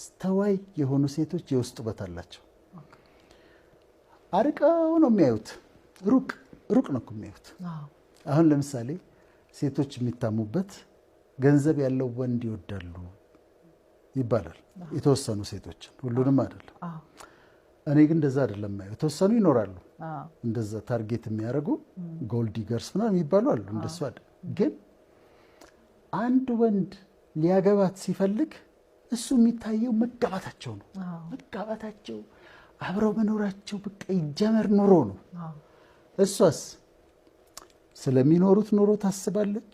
አስተዋይ የሆኑ ሴቶች የውስጥ ውበት አላቸው። አርቀው ነው የሚያዩት። ሩቅ ሩቅ ነው የሚያዩት። አሁን ለምሳሌ ሴቶች የሚታሙበት ገንዘብ ያለው ወንድ ይወዳሉ ይባላል። የተወሰኑ ሴቶች ሁሉንም አይደለም። እኔ ግን እንደዛ አይደለም ማየው። የተወሰኑ ይኖራሉ እንደዛ ታርጌት የሚያደርጉ ጎልድ ዲገርስ ምናምን የሚባሉ አሉ። እንደሱ አይደለም ግን አንድ ወንድ ሊያገባት ሲፈልግ እሱ የሚታየው መጋባታቸው ነው። መጋባታቸው አብረው መኖራቸው በቃ ይጀመር ኑሮ ነው። እሷስ ስለሚኖሩት ኑሮ ታስባለች።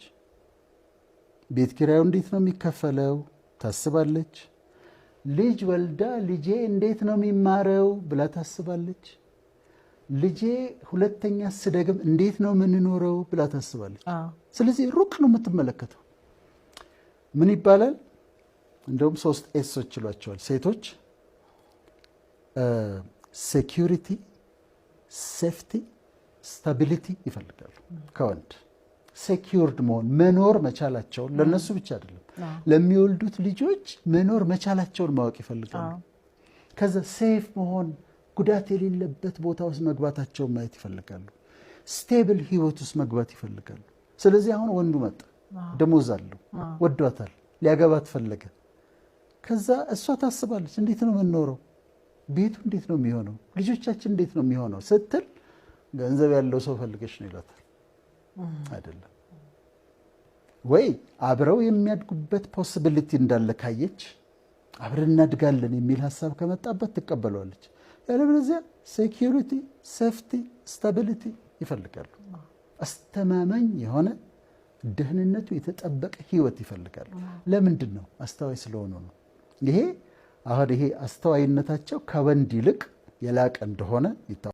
ቤት ኪራዩ እንዴት ነው የሚከፈለው ታስባለች። ልጅ ወልዳ ልጄ እንዴት ነው የሚማረው ብላ ታስባለች። ልጄ ሁለተኛ ስደግም እንዴት ነው የምንኖረው ብላ ታስባለች። ስለዚህ ሩቅ ነው የምትመለከተው። ምን ይባላል እንደውም ሶስት ኤሶች ይሏቸዋል ሴቶች ሴኪሪቲ፣ ሴፍቲ፣ ስታቢሊቲ ይፈልጋሉ። ከወንድ ሴኪርድ መሆን መኖር መቻላቸውን ለነሱ ብቻ አይደለም ለሚወልዱት ልጆች መኖር መቻላቸውን ማወቅ ይፈልጋሉ። ከዛ ሴፍ መሆን ጉዳት የሌለበት ቦታ ውስጥ መግባታቸውን ማየት ይፈልጋሉ። ስቴብል ህይወት ውስጥ መግባት ይፈልጋሉ። ስለዚህ አሁን ወንዱ መጣ፣ ደሞዝ አለው፣ ወዷታል፣ ሊያገባት ፈለገ። ከዛ እሷ ታስባለች፣ እንዴት ነው የምንኖረው? ቤቱ እንዴት ነው የሚሆነው? ልጆቻችን እንዴት ነው የሚሆነው ስትል ገንዘብ ያለው ሰው ፈልገች ነው ይላታል። አይደለም ወይ አብረው የሚያድጉበት ፖስብሊቲ እንዳለ ካየች አብረን እናድጋለን የሚል ሀሳብ ከመጣበት ትቀበለዋለች። ያለበለዚያ ሴኪሪቲ፣ ሴፍቲ፣ ስታቢሊቲ ይፈልጋሉ። አስተማማኝ የሆነ ደህንነቱ የተጠበቀ ህይወት ይፈልጋሉ። ለምንድን ነው? አስተዋይ ስለሆኑ ነው። ይሄ አሁን ይሄ አስተዋይነታቸው ከወንድ ይልቅ የላቀ እንደሆነ ይታወቃል።